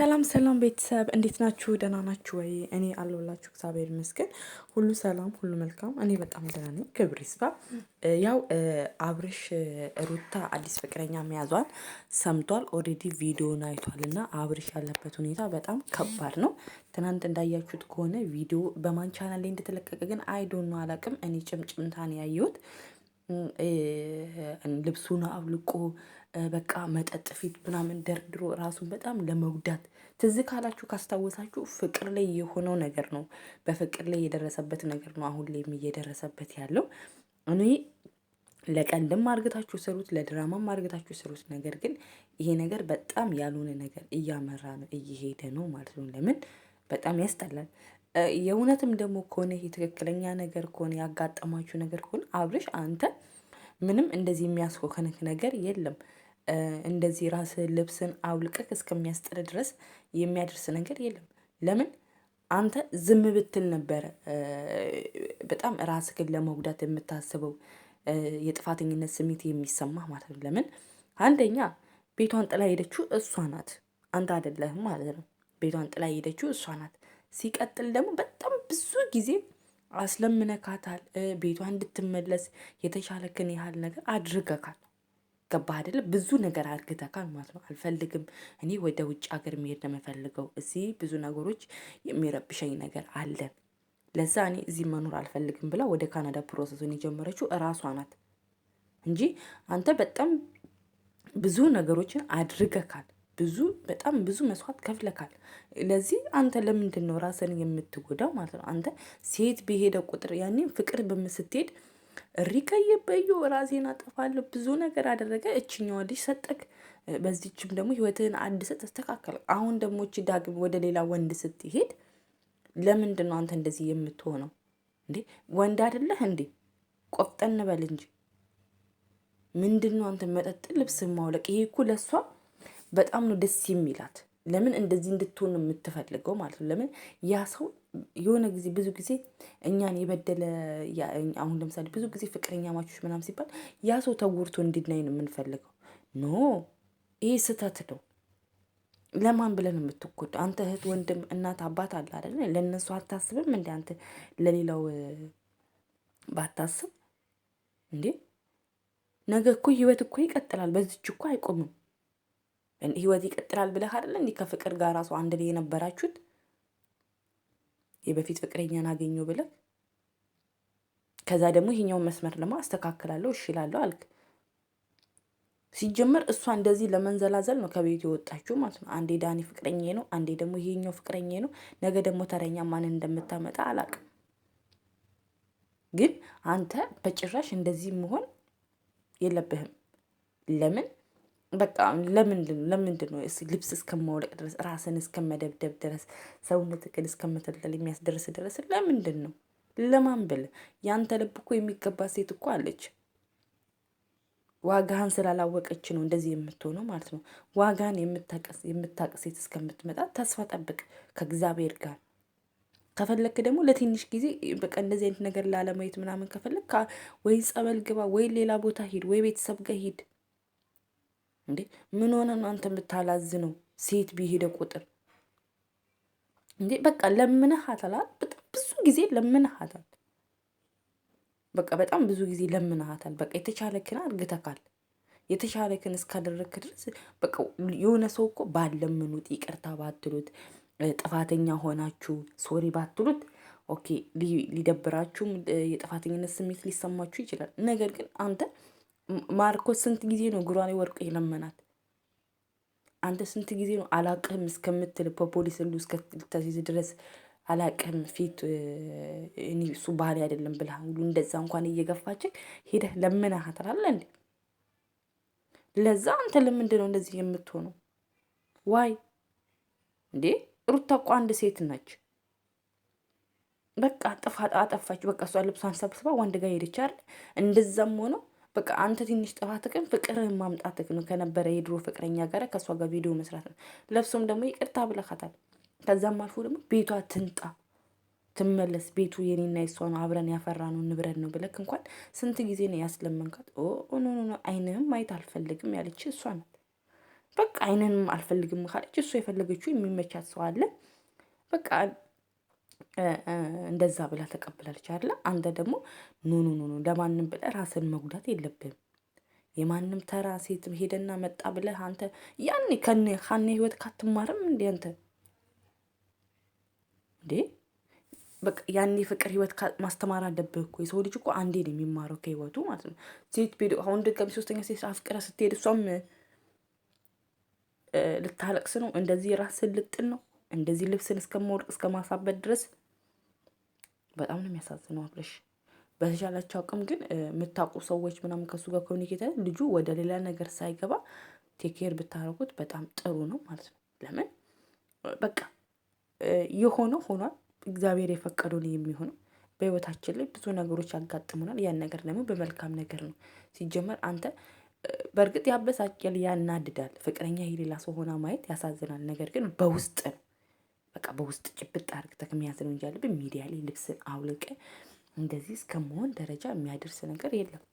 ሰላም ሰላም ቤተሰብ እንዴት ናችሁ? ደህና ናችሁ ወይ? እኔ አለሁላችሁ። እግዚአብሔር ይመስገን፣ ሁሉ ሰላም፣ ሁሉ መልካም። እኔ በጣም ደህና ነኝ። ክብር ይስፋ። ያው አብርሽ ሩታ አዲስ ፍቅረኛ መያዟን ሰምቷል። ኦልሬዲ ቪዲዮን አይቷል እና አብርሽ ያለበት ሁኔታ በጣም ከባድ ነው። ትናንት እንዳያችሁት ከሆነ ቪዲዮ በማን ቻናል ላይ እንደተለቀቀ ግን አይዶን አላቅም። እኔ ጭምጭምታን ያየሁት ልብሱን አብልቆ በቃ መጠጥ ፊት ምናምን ደርድሮ ራሱን በጣም ለመጉዳት ትዝ ካላችሁ ካስታወሳችሁ ፍቅር ላይ የሆነው ነገር ነው። በፍቅር ላይ የደረሰበት ነገር ነው። አሁን ላይም እየደረሰበት ያለው እኔ ለቀልድም አርግታችሁ ስሩት፣ ለድራማም አርግታችሁ ስሩት። ነገር ግን ይሄ ነገር በጣም ያልሆነ ነገር እያመራ ነው እየሄደ ነው ማለት ነው። ለምን በጣም ያስጠላል። የእውነትም ደግሞ ከሆነ ይሄ ትክክለኛ ነገር ከሆነ ያጋጠማችሁ ነገር ከሆነ አብርሽ አንተ ምንም እንደዚህ የሚያስኮከንክ ነገር የለም። እንደዚህ ራስ ልብስን አውልቀህ እስከሚያስጥል ድረስ የሚያደርስ ነገር የለም። ለምን አንተ ዝም ብትል ነበረ በጣም ራስህን ለመጉዳት የምታስበው የጥፋተኝነት ስሜት የሚሰማ ማለት ነው። ለምን አንደኛ ቤቷን ጥላ ሄደችው እሷ ናት፣ አንተ አይደለህም ማለት ነው። ቤቷን ጥላ ሄደችው እሷ ናት። ሲቀጥል ደግሞ በጣም ብዙ ጊዜ አስለምነካታል። ቤቷ እንድትመለስ የተሻለክን ያህል ነገር አድርገካል። ገባ አይደለ? ብዙ ነገር አድርገካል ማለት ነው። አልፈልግም፣ እኔ ወደ ውጭ ሀገር መሄድ ነው የምፈልገው። እዚህ ብዙ ነገሮች የሚረብሸኝ ነገር አለ። ለዛ እኔ እዚህ መኖር አልፈልግም ብላ ወደ ካናዳ ፕሮሰሱን የጀመረችው እራሷ ናት እንጂ አንተ በጣም ብዙ ነገሮችን አድርገካል። ብዙ በጣም ብዙ መስዋዕት ከፍለካል። ለዚህ አንተ ለምንድን ነው ራስን የምትጎዳው ማለት ነው። አንተ ሴት በሄደ ቁጥር ያኔ ፍቅር በምስትሄድ ሪቀየበዩ ራሴን አጠፋለሁ ብዙ ነገር አደረገ፣ እችኛዋ ልጅ ሰጠክ፣ በዚችም ደግሞ ህይወትህን አድሰ ተስተካከለ አሁን ደግሞ እቺ ዳግም ወደ ሌላ ወንድ ስትሄድ ለምንድን ነው አንተ እንደዚህ የምትሆነው? እንዴ ወንድ አይደለህ እንዴ? ቆፍጠን በል እንጂ ምንድን ነው አንተ መጠጥ ልብስ ማውለቅ? ይሄ እኮ ለእሷ በጣም ነው ደስ የሚላት። ለምን እንደዚህ እንድትሆን ነው የምትፈልገው ማለት ነው። ለምን ያ ሰው የሆነ ጊዜ ብዙ ጊዜ እኛን የበደለ አሁን ለምሳሌ ብዙ ጊዜ ፍቅረኛ ማቾች ምናም ሲባል ያ ሰው ተጎድቶ እንድናይ ነው የምንፈልገው። ኖ ይሄ ስህተት ነው። ለማን ብለን የምትጎዳ አንተ እህት፣ ወንድም፣ እናት፣ አባት አለ አይደለ? ለእነሱ አታስብም እንዲ አንተ? ለሌላው ባታስብ እንዴ? ነገ እኮ ህይወት እኮ ይቀጥላል። በዚች እኮ አይቆምም። ህይወት ይቀጥላል ብለህ አይደለ እንዲህ ከፍቅር ጋር ራሱ አንድ ላይ የነበራችሁት የበፊት ፍቅረኛን አገኘው ብለህ ከዛ ደግሞ ይሄኛውን መስመር ደግሞ አስተካክላለሁ እሽላለሁ አልክ። ሲጀመር እሷ እንደዚህ ለመንዘላዘል ነው ከቤት የወጣችሁ ማለት ነው። አንዴ ዳኒ ፍቅረኛ ነው፣ አንዴ ደግሞ ይሄኛው ፍቅረኛ ነው። ነገ ደግሞ ተረኛ ማንን እንደምታመጣ አላቅም። ግን አንተ በጭራሽ እንደዚህ መሆን የለብህም። ለምን በቃ ለምንድን ነው ለምንድን ነው ልብስ እስከማውለቅ ድረስ ራስን እስከመደብደብ ድረስ ሰውነትህን እስከመተልተል የሚያስደርስ ድረስ ለምንድን ነው ለማን ያንተ ልብ እኮ የሚገባ ሴት እኮ አለች ዋጋህን ስላላወቀች ነው እንደዚህ የምትሆነው ማለት ነው ዋጋህን የምታቅ ሴት እስከምትመጣ ተስፋ ጠብቅ ከእግዚአብሔር ጋር ከፈለክ ደግሞ ለትንሽ ጊዜ በቃ እንደዚህ አይነት ነገር ላለማየት ምናምን ከፈለግ ወይ ጸበል ግባ ወይ ሌላ ቦታ ሂድ ወይ ቤተሰብ ጋር ሂድ እንዴ ምን ሆነ ነው አንተ ነው? ሴት ቢሄደ ቁጥር እንዴ በቃ ለምንሃታል። በጣም ብዙ ጊዜ ለምንሃታል። በቃ በጣም ብዙ ጊዜ ለምንሃታል። በቃ የተቻለክን አድርገታካል። የተሻለክን እስካደረክ ድረስ በቃ የሆነ ሰው እኮ ባለምኑት ይቅርታ ባትሉት ጥፋተኛ ሆናችሁ ሶሪ ባትሉት ኦኬ ሊደብራችሁም የጥፋተኝነት ስሜት ሊሰማችሁ ይችላል። ነገር ግን አንተ ማርኮት ስንት ጊዜ ነው እግሯ ላይ ወርቆ የለመናት? አንተ ስንት ጊዜ ነው አላቅህም እስከምትል በፖሊስ ሁሉ እስከታሲዝ ድረስ አላቅህም ፊት እኔ እሱ ባህል አይደለም ብላ ሁሉ እንደዛ እንኳን እየገፋችን ሄደህ ለምናሃት አለ እንዴ? ለዛ አንተ ለምንድን ነው እንደዚህ የምትሆነው? ዋይ እንዴ ሩታ እኮ አንድ ሴት ነች። በቃ ጥፋት አጠፋች። በቃ እሷ ልብሷን ሰብስባ ወንድ ጋር ሄደች አይደል? እንደዛም ሆነው በቃ አንተ ትንሽ ግን ፍቅርህን ማምጣት ነው ከነበረ የድሮ ፍቅረኛ ጋር ከእሷ ጋር ቪዲዮ መስራት ነው። ለብሶም ደግሞ ይቅርታ ብለካታል። ከዛም አልፎ ደግሞ ቤቷ ትንጣ ትመለስ። ቤቱ የኔና የሷ ነው፣ አብረን ያፈራ ነው ንብረት ነው ብለክ እንኳን ስንት ጊዜ ነው ያስለመንካት? ኖኖኖ አይንህም ማየት አልፈልግም ያለች እሷ ናት። በቃ አይንህም አልፈልግም ካለች እሷ የፈለገችው የሚመቻት ሰው አለ በቃ እንደዛ ብላ ተቀብላለች አይደለ? አንተ ደግሞ ኑ ኑ ኑ ለማንም ብለ ራስን መጉዳት የለብም። የማንም ተራ ሴት ሄደና መጣ ብለ አንተ ያኔ ከኔ ካኔ ህይወት ካትማርም እንዴ አንተ እንዴ በቃ ያኔ ፍቅር ህይወት ማስተማር አለብህ እኮ። የሰው ልጅ እኮ አንዴ ነው የሚማረው ከህይወቱ ማለት ነው። ሴት ቤ አሁን ድጋሚ ሶስተኛ ሴት አፍቅረ ስትሄድ እሷም ልታለቅስ ነው። እንደዚህ ራስን ልጥን ነው እንደዚህ ልብስን እስከመውደቅ እስከ ማሳበድ ድረስ በጣም ነው የሚያሳዝነው አብርሽ። በተቻላቸው አቅም ግን የምታውቁ ሰዎች ምናምን ከሱ ጋር ኮሚኒኬት ልጁ ወደ ሌላ ነገር ሳይገባ ቴኬር ብታደርጉት በጣም ጥሩ ነው ማለት ነው። ለምን በቃ የሆነ ሆኗል። እግዚአብሔር የፈቀደውን የሚሆነው በህይወታችን ላይ ብዙ ነገሮች ያጋጥሙናል። ያን ነገር ደግሞ በመልካም ነገር ነው ሲጀመር። አንተ በእርግጥ ያበሳጭል፣ ያናድዳል። ፍቅረኛ የሌላ ሰው ሆና ማየት ያሳዝናል። ነገር ግን በውስጥ ነው በቃ በውስጥ ጭብጥ አርግ መያዝ ነው እንጂ ያለብህ ሚዲያ ላይ ልብስን አውልቀ እንደዚህ እስከመሆን ደረጃ የሚያደርስ ነገር የለም።